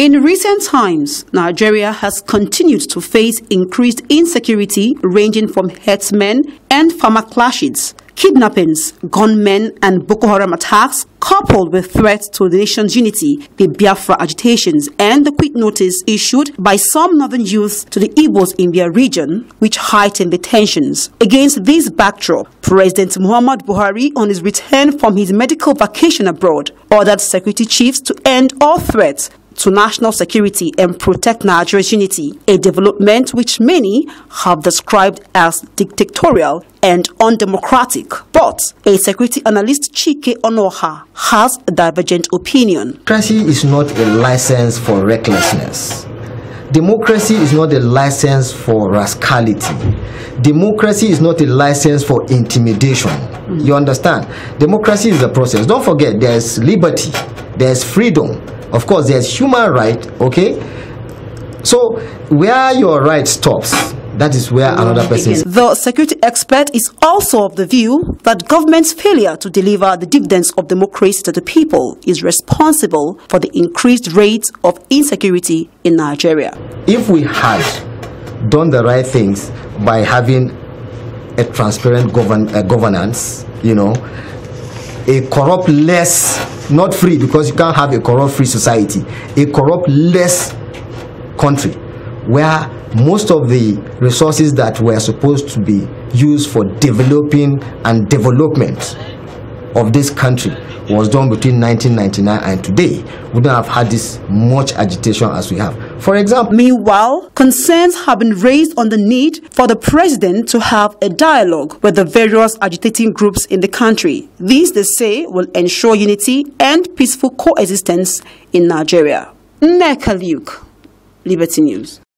In recent times, Nigeria has continued to face increased insecurity ranging from headsmen and farmer clashes, kidnappings, gunmen and Boko Haram attacks, coupled with threats to the nation's unity, the Biafra agitations and the quick notice issued by some northern youths to the Igbos in their region, which heightened the tensions. Against this backdrop, President Muhammad Buhari, on his return from his medical vacation abroad, ordered security chiefs to end all threats to national security and protect Nigeria's unity, a development which many have described as dictatorial and undemocratic. But a security analyst, Chike Onoha, has a divergent opinion. Democracy is not a license for recklessness. Democracy is not a license for rascality. Democracy is not a license for intimidation. You understand? Democracy is a process. Don't forget, there's liberty, there's freedom, of course, there's human right, okay? So where your right stops, that is where mm-hmm. another person is. The security expert is also of the view that government's failure to deliver the dividends of democracy to the people is responsible for the increased rates of insecurity in Nigeria. If we had done the right things by having a transparent govern governance, you know, a corrupt less not free because you can't have a corrupt free society, a corrupt less country where most of the resources that were supposed to be used for developing and development of this country was done between 1999 and today, we wouldn't have had this much agitation as we have. For example, meanwhile, concerns have been raised on the need for the president to have a dialogue with the various agitating groups in the country. These, they say, will ensure unity and peaceful coexistence in Nigeria. Neka Luke, Liberty News.